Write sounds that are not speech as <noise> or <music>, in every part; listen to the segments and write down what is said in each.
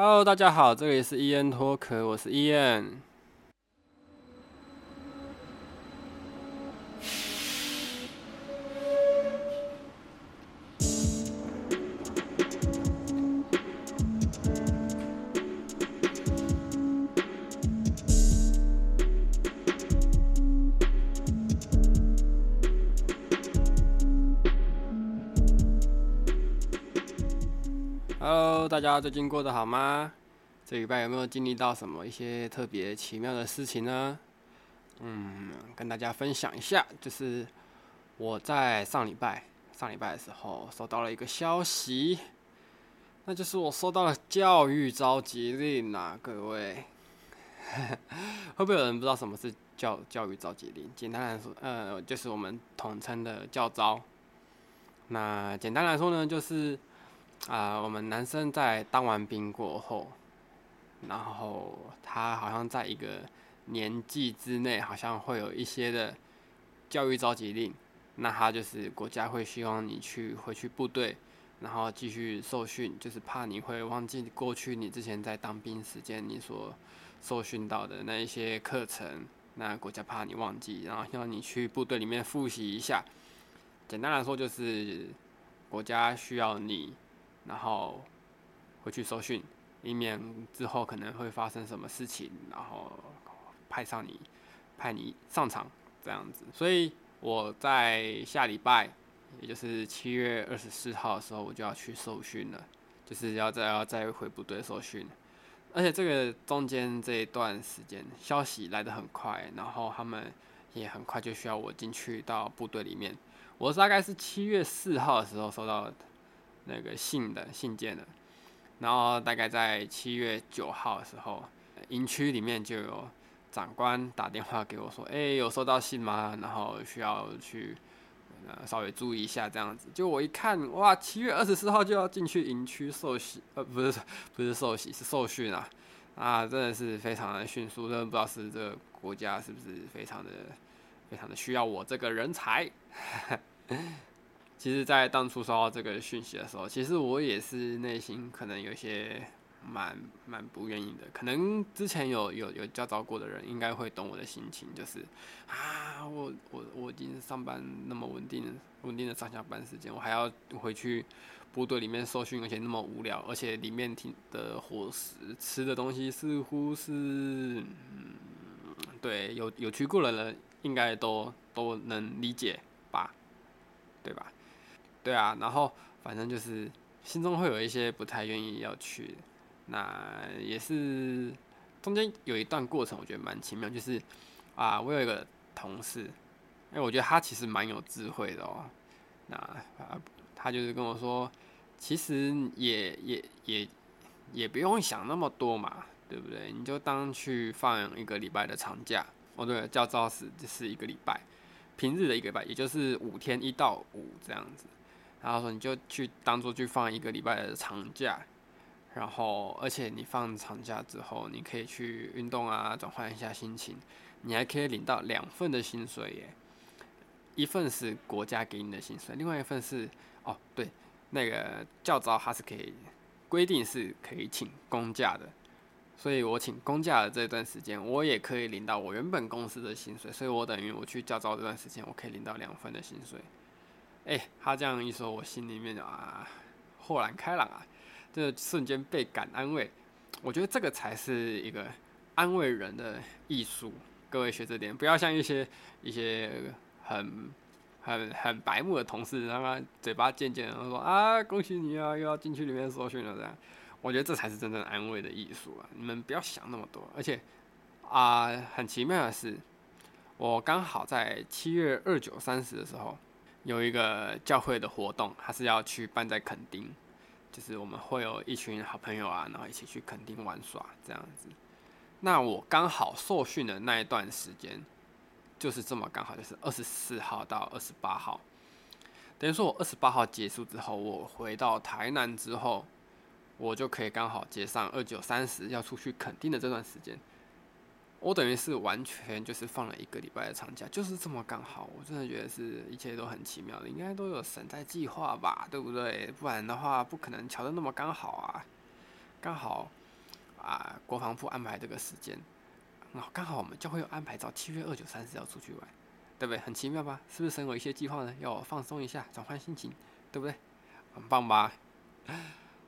Hello，大家好，這裡是伊恩托克，我是伊恩。大家最近過得好嗎？這禮拜有沒有經歷到什麼一些特別奇妙的事情呢？嗯，跟大家分享一下，就是我在上禮拜上禮拜的時候收到了一個消息，那就是我收到了教育召集令啊，各位，呵呵，會不會有人不知道什麼是教教育召集令？簡單來說，呃，就是我們統稱的教招。那簡單來說呢，就是。啊、呃，我們男生在當完兵過後，然後他好像在一個年紀之內，好像會有一些的教育召集令。那他就是國家會希望你去回去部隊，然後繼續受訓，就是怕你會忘記過去你之前在當兵時間你所受訓到的那一些課程。那國家怕你忘記，然後希望你去部隊裡面複習一下。簡單來說，就是國家需要你。然後回去受訓，以免之後可能會發生什麼事情，然後派上你，派你上場這樣子。所以我在下禮拜，也就是七月二十四號的時候，我就要去受訓了，就是要再要再回部隊受訓。而且這個中間這一段時間，消息來得很快，欸，然後他們也很快就需要我進去到部隊裡面。我是大概是七月四號的時候收到。那個信的信件的，然後大概在七月九號的時候，營區裡面就有長官打電話給我說：“哎、欸，有收到信嗎？然後需要去、嗯、稍微注意一下，這樣子。”就我一看，哇，七月二十四號就要進去營區受洗，呃，不是，不是受洗，是受訓啊！啊，真的是非常的迅速，真的不知道是這個國家是不是非常的、非常的需要我這個人才。 <laughs> 其實，在當初收到這個訊息的時候，其實我也是內心可能有些蠻蠻不願意的。可能之前有有有教召過的人，應該會懂我的心情，就是啊，我我我已經上班那麼穩定穩定的上下班時間，我還要回去部隊裡面受訓，而且那麼無聊，而且裡面聽的伙食吃的東西似乎是，嗯，對，有有去過的人應該都都能理解吧，對吧？對啊，然後反正就是心中會有一些不太願意要去的。那也是中間有一段過程，我覺得蠻奇妙。就是啊，我有一個同事，哎，我覺得他其實蠻有智慧的哦。那他，他就是跟我說，其實也也也也不用想那麼多嘛，對不對？你就當去放一個禮拜的長假，哦對，對，教招時就是一個禮拜，平日的一個禮拜，也就是五天，一到五這樣子。然後說你就去當做去放一個禮拜的長假，然後而且你放長假之後，你可以去運動啊，轉換一下心情，你還可以領到兩份的薪水耶，一份是國家給你的薪水，另外一份是哦對，那個教招它是可以規定是可以請公假的，所以我請公假的這段時間，我也可以領到我原本公司的薪水，所以我等於我去教招這段時間，我可以領到兩份的薪水。哎，欸、他這樣一說，我心裡面啊豁然開朗啊，這瞬間倍感安慰。我覺得這個才是一個安慰人的藝術。各位學著點，不要像一些一些很很很白目的同事，讓他嘴巴賤賤的，然後說啊，恭喜你啊，又要進去裡面受訓了。我覺得這才是真正安慰的藝術啊！你們不要想那麼多。而且啊、呃，很奇妙的是，我剛好在七月二九三十的時候。有一個教會的活動，他是要去辦在墾丁，就是我們會有一群好朋友啊，然後一起去墾丁玩耍這樣子。那我剛好受訓的那一段時間，就是這麼剛好，就是二十四號到二十八號，等於說我二十八號結束之後，我回到台南之後，我就可以剛好接上二九三十要出去墾丁的這段時間。我等於是完全就是放了一個禮拜的長假，就是這麼剛好，我真的覺得是一切都很奇妙的，應該都有神在計劃吧，對不對？不然的話，不可能巧得那麼剛好啊，剛好啊，國防部安排這個時間，剛好我們就會有安排到七月二九三十要出去玩，對不對？很奇妙吧？是不是神有一些計劃呢？要我放鬆一下，轉換心情，對不對？很棒吧？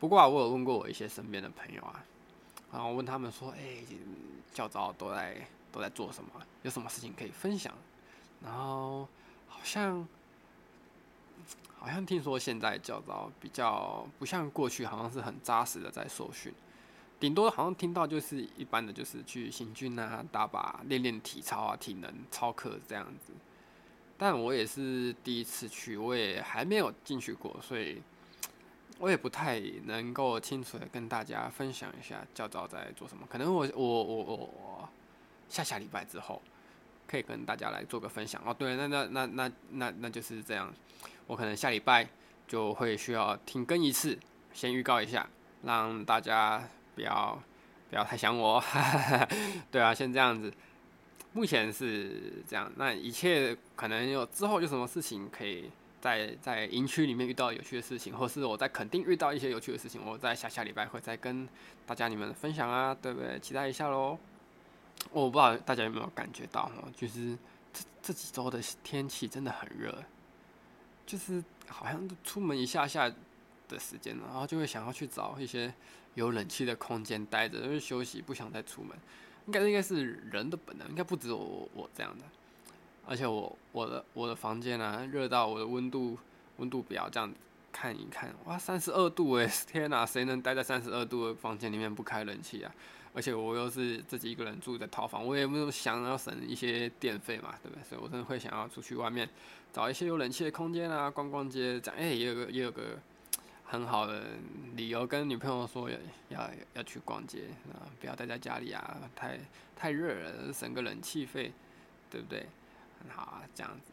不過啊，我有問過我一些身邊的朋友啊。然後問他們說：“哎、欸，教招都在都在做什麼？有什麼事情可以分享？”然後好像好像聽說現在教招比較不像過去，好像是很紮實的在受訓，頂多好像聽到就是一般的，就是去行軍啊、打靶、練練體操啊、體能操課這樣子。但我也是第一次去，我也還沒有進去過，所以。我也不太能夠清楚的跟大家分享一下教招在做什麼，可能我我我我下下禮拜之後可以跟大家來做個分享哦。對，那那那那那那就是這樣，我可能下禮拜就會需要停更一次，先預告一下，讓大家不要不要太想我。 <laughs> 對啊，先這樣子，目前是這樣，那一切可能有之後有什麼事情可以。在在營區裡面遇到有趣的事情，或是我在肯定遇到一些有趣的事情，我在下下禮拜會再跟大家你們分享啊，對不對？期待一下嘍。哦，我不知道大家有沒有感覺到，就是這這幾周的天氣真的很熱，就是好像出門一下下的時間啊，然後就會想要去找一些有冷氣的空間待着，因為休息，不想再出門。應該應該是人的本能，應該不止我我這樣的。而且我我的我的房間呢、啊，熱到我的溫度溫度表這樣子看一看，哇，三十二度誒、欸，天哪，誰能待在三十二度的房間裡面不開冷氣啊？而且我又是自己一個人住在套房，我也沒有想要省一些電費嘛，對不對？所以我真的會想要出去外面找一些有冷氣的空間啊，逛逛街，這樣哎、欸，也有個也有個很好的理由跟女朋友說要要要去逛街啊，不要待在家裡啊，太太熱了，省個冷氣費，對不對？好啊，這樣子，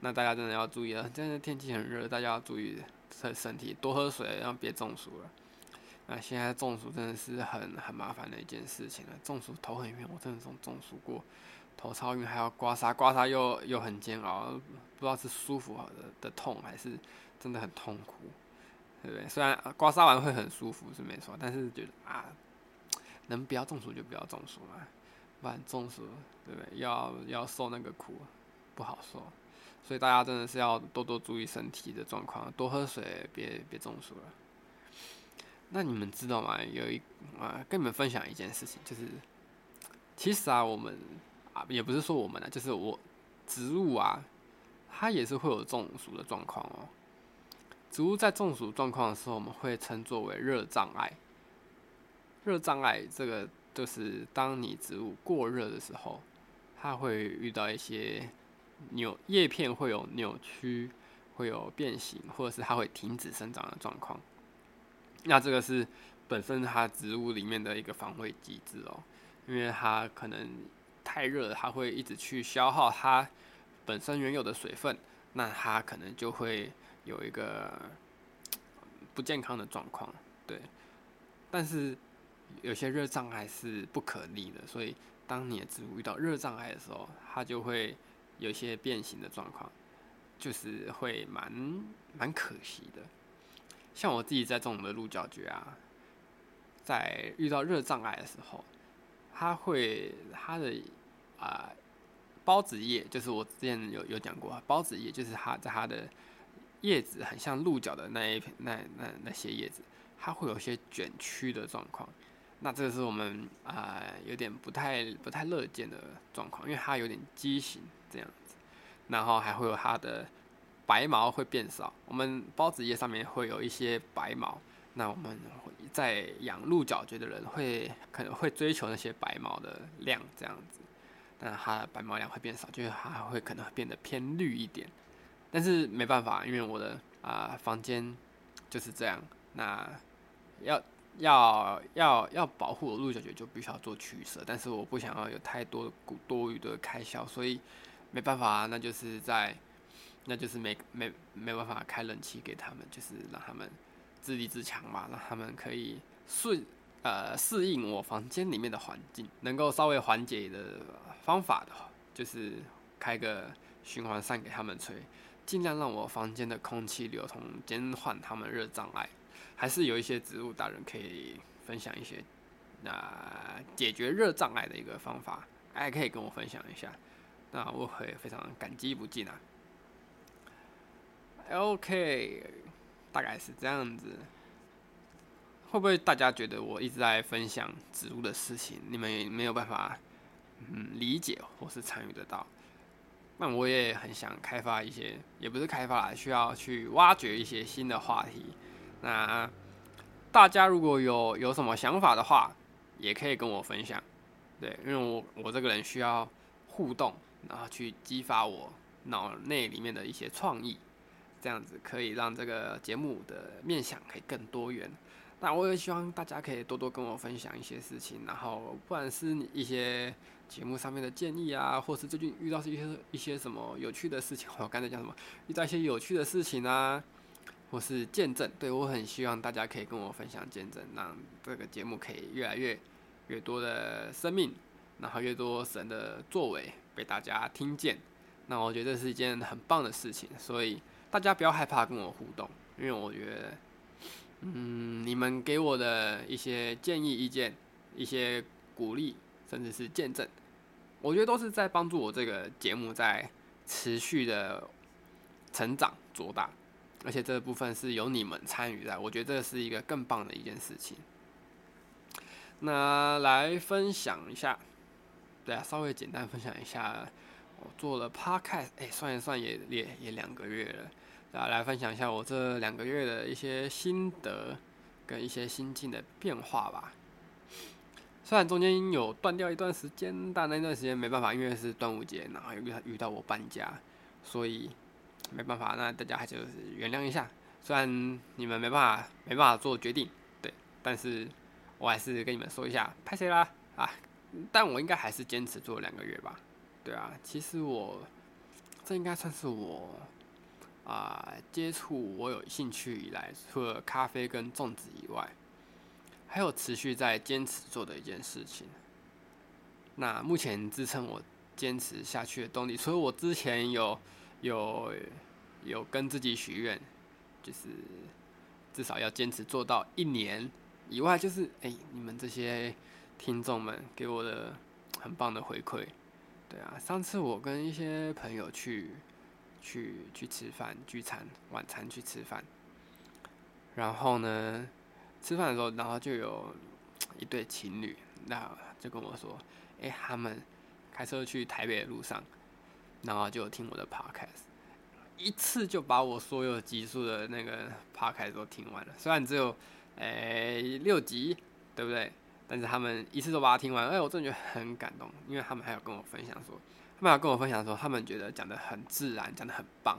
那大家真的要注意了。真的天氣很熱，大家要注意身身體，多喝水，然後別中暑了。那現在中暑真的是很很麻煩的一件事情了。中暑頭很暈，我真的中中暑過，頭超暈，還要刮痧，刮痧又又很煎熬，不知道是舒服好的的痛還是真的很痛苦，對不對？雖然刮痧完會很舒服是沒錯，但是覺得啊，能不要中暑就不要中暑嘛，不然中暑，對不對？要要受那個苦。不好說，所以大家真的是要多多注意身體的狀況，多喝水，別別中暑了。那你們知道嗎？有一啊，跟你們分享一件事情，就是其實啊，我們啊，也不是說我們啦，就是我植物啊，它也是會有中暑的狀況哦。植物在中暑狀況的時候，我們會稱作為熱障礙。熱障礙這個就是當你植物過熱的時候，它會遇到一些。扭葉片會有扭曲，會有變形，或者是它會停止生長的狀況。那這個是本身它植物裡面的一個防衛機制哦，因為它可能太熱，它會一直去消耗它本身原有的水分，那它可能就會有一個不健康的狀況。對，但是有些熱障礙是不可逆的，所以當你的植物遇到熱障礙的時候，它就會。有些變形的狀況，就是會蠻蠻可惜的。像我自己在種的鹿角蕨啊，在遇到熱障礙的時候，它會它的啊呃、孢子葉，就是我之前有有講過，孢子葉就是它在它的葉子很像鹿角的那一片那那那，那些葉子，它會有些捲曲的狀況。那這個是我們啊、呃、有點不太不太樂見的狀況，因為它有點畸形。這樣子，然後還會有它的白毛會變少。我們孢子葉上面會有一些白毛，那我們在養鹿角蕨的人會可能會追求那些白毛的量，這樣子，那它的白毛量會變少，就是它會可能會變得偏綠一點。但是沒辦法，因為我的啊、呃、房間就是這樣，那要要要要保護我鹿角蕨，就必須要做取捨。但是我不想要有太多的多多餘的開銷，所以。沒辦法啊，那就是在，那就是沒沒沒辦法開冷氣給他們，就是讓他們自立自強嘛，讓他們可以順呃適應我房間裡面的環境，能夠稍微緩解的方法的話，就是開個循環扇給他們吹，盡量讓我房間的空氣流通，減緩他們熱障礙。還是有一些植物達人可以分享一些那、呃、解決熱障礙的一個方法，還可以跟我分享一下。那我會非常感激不盡啊。OK，大概是這樣子。會不會大家覺得我一直在分享植物的事情，你們也沒有辦法嗯理解或是參與得到？那我也很想開發一些，也不是開發啦，需要去挖掘一些新的話題。那大家如果有有什麼想法的話，也可以跟我分享。對，因為我我這個人需要互動。然後去激發我腦內裡面的一些創意，這樣子可以讓這個節目的面向可以更多元。但我也希望大家可以多多跟我分享一些事情，然後不管是一些節目上面的建議啊，或是最近遇到是一些一些什麼有趣的事情，我剛才講什麼，遇到一些有趣的事情啊，或是見證，對，我很希望大家可以跟我分享見證，讓這個節目可以越來越越多的生命。然後，越多神的作為被大家聽見，那我覺得這是一件很棒的事情。所以大家不要害怕跟我互動，因為我覺得，嗯，你們給我的一些建議、意見、一些鼓勵，甚至是見證，我覺得都是在幫助我這個節目在持續的成長、做大。而且這部分是由你們參與的，我覺得這是一個更棒的一件事情。那來分享一下。對啊，稍微簡單分享一下，我做了 podcast 哎、欸，算一算也也也兩個月了。大家、啊、來分享一下我這兩個月的一些心得跟一些心境的變化吧。雖然中間有斷掉一段時間，但那段時間沒辦法，因為是端午節，然後又遇到我搬家，所以沒辦法。那大家還就是原諒一下，雖然你們沒辦法沒辦法做決定，對，但是我還是跟你們說一下，拍誰啦啊？但我應該還是堅持做兩個月吧，對啊，其實我這應該算是我啊、呃、接觸我有興趣以來，除了咖啡跟粽子以外，還有持續在堅持做的一件事情。那目前支撐我堅持下去的動力，除了我之前有有有跟自己許願，就是至少要堅持做到一年以外，就是哎、欸、你們這些。聽眾們給我的很棒的回饋，對啊，上次我跟一些朋友去去去吃飯聚餐晚餐去吃飯，然後呢，吃飯的時候，然後就有一對情侶，那就跟我說，誒，他們開車去台北的路上，然後就聽我的 podcast，一次就把我所有集數的那個 podcast 都聽完了，雖然只有誒六集，對不對？但是他們一次都把它聽完，哎、欸，我真的覺得很感動，因為他們還有跟我分享說，他們還有跟我分享說，他們覺得講得很自然，講得很棒，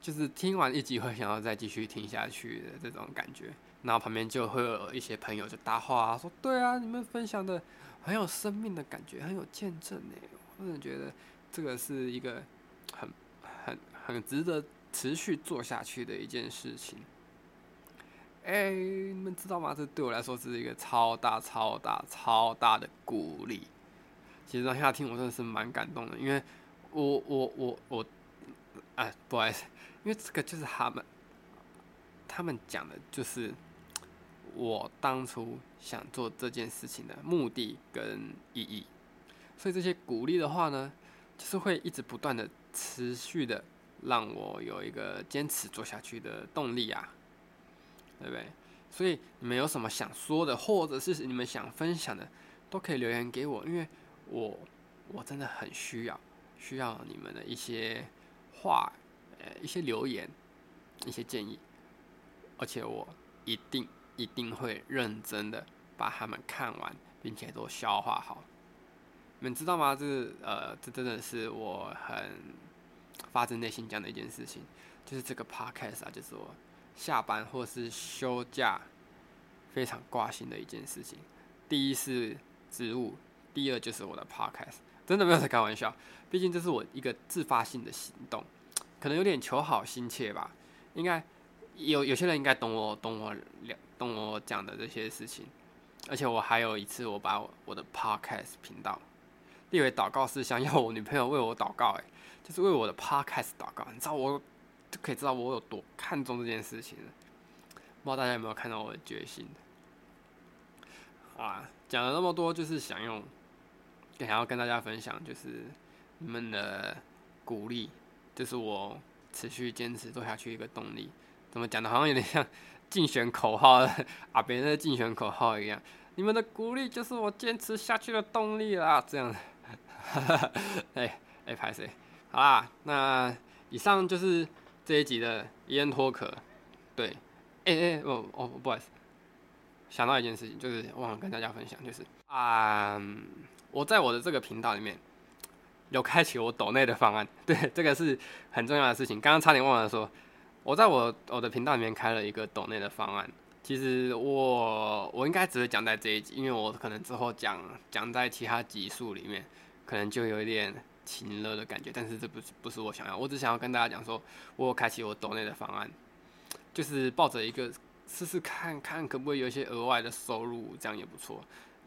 就是聽完一集會想要再繼續聽下去的這種感覺。然後旁邊就會有一些朋友就搭話啊，說對啊，你們分享的很有生命的感覺，很有見證呢、欸。我真的覺得這個是一個很很很值得持續做下去的一件事情。哎、欸，你們知道嗎？這對我來說是一個超大、超大、超大的鼓勵。其實當下聽我真的是蠻感動的，因為，我、我、我、我，哎，不好意思，因為這個就是他們，他們講的，就是我當初想做這件事情的目的跟意義。所以這些鼓勵的話呢，就是會一直不斷的、持續的，讓我有一個堅持做下去的動力啊。對不對？所以你們有什麼想說的，或者是你們想分享的，都可以留言給我，因為我我真的很需要需要你們的一些話，呃，一些留言，一些建議，而且我一定一定會認真的把他們看完，並且都消化好。你們知道嗎？這呃，這真的是我很發自內心講的一件事情，就是這個 podcast 啊，就是我。下班或是休假，非常掛心的一件事情。第一是職務，第二就是我的 podcast，真的沒有在開玩笑。畢竟這是我一個自發性的行動，可能有點求好心切吧。應該有有些人應該懂我，懂我聊，懂我講的這些事情。而且我還有一次，我把我，我的 podcast 頻道列為禱告，是想要我女朋友為我禱告、欸，哎，就是為我的 podcast 禱告。你知道我。就可以知道我有多看重這件事情了。不知道大家有沒有看到我的決心？好啦，講了那麼多，就是想用，想要跟大家分享，就是你們的鼓勵，就是我持續堅持做下去一個動力。怎麼講的？好像有點像競選口號啊，別人的競選口號一樣。你們的鼓勵就是我堅持下去的動力啦。這樣，哎哎，拍誰？好啦，那以上就是。這一集的煙脫殼，對，哎、欸、哎、欸、不、喔、哦、喔，不好意思，想到一件事情，就是忘了跟大家分享，就是啊，um, 我在我的這個頻道裡面有開啟我抖內的方案，對，這個是很重要的事情，剛剛差點忘了說，我在我我的頻道裡面開了一個抖內的方案，其實我我應該只是講在這一集，因為我可能之後講講在其他集數裡面，可能就有一點。情勒的感覺，但是這不是不是我想要，我只想要跟大家講說，我有開啟我抖內的方案，就是抱着一個試試看看可不可以有一些額外的收入，這樣也不錯。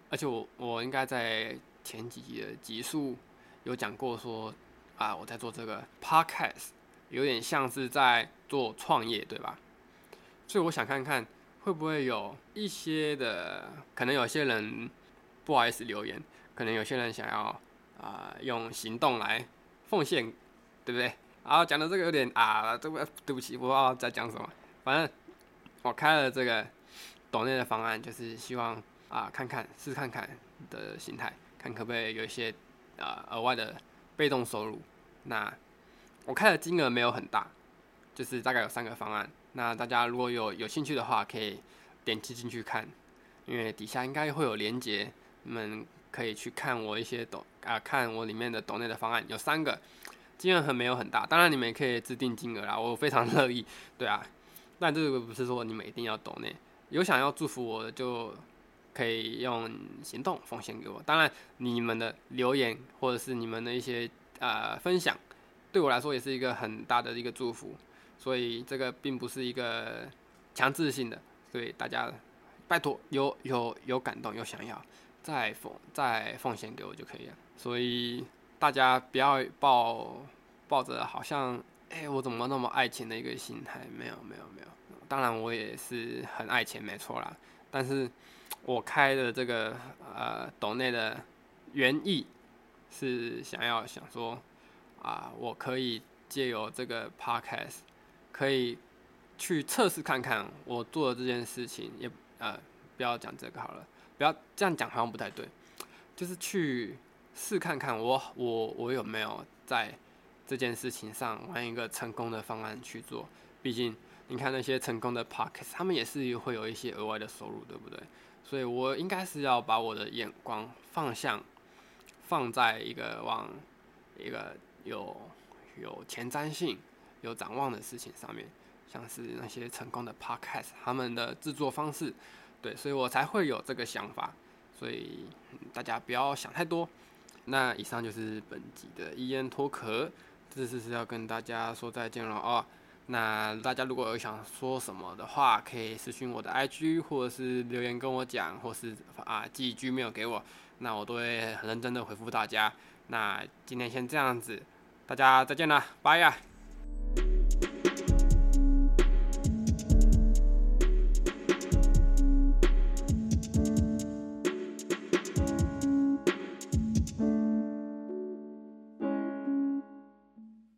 而且我我應該在前幾集的集數有講過說，啊我在做這個 podcast，有點像是在做創業，對吧？所以我想看看會不會有一些的，可能有些人不好意思留言，可能有些人想要。啊、呃，用行動來奉獻，對不對？啊，講的這個有點啊，這個對不起，我不知道在講什麼。反正我開了這個斗內的方案，就是希望啊，看看試看看的心態，看可不可以有一些啊額外的被動收入。那我開的金額沒有很大，就是大概有三個方案。那大家如果有有興趣的話，可以點擊進去看，因為底下應該會有連接。你們。可以去看我一些抖啊，看我裡面的抖內的方案有三個，金額很沒有很大，當然你們也可以自訂金額啦。我非常樂意。對啊，但這個不是說你們一定要抖內，有想要祝福我的就可以用行動奉獻給我。當然你們的留言或者是你們的一些啊、呃、分享，對我來說也是一個很大的一個祝福，所以這個並不是一個強制性的，所以大家拜託，有有有感動有想要。再奉再奉獻給我就可以了，所以大家不要抱抱着好像哎、欸、我怎麼那麼愛錢的一個心態，沒有沒有沒有，當然我也是很愛錢，沒錯啦，但是，我開的這個呃斗內的原意是想要想說啊、呃，我可以借由這個 podcast 可以去測試看看我做的這件事情，也呃不要講這個好了。不要這樣講，好像不太對。就是去試看看，我我我有沒有在這件事情上按一個成功的方案去做。畢竟，你看那些成功的 podcast 他們也是會有一些額外的收入，對不對？所以，我應該是要把我的眼光放向放在一個往一個有有前瞻性、有展望的事情上面，像是那些成功的 podcast 他們的製作方式。對，所以我才會有這個想法，所以大家不要想太多。那以上就是本集的伊恩脫殼，這次是要跟大家說再見了哦。那大家如果有想說什麼的話，可以私信我的 IG，或者是留言跟我講，或是啊寄 Gmail 給我，那我都會很認真的回覆大家。那今天先這樣子，大家再見啦，拜呀、啊。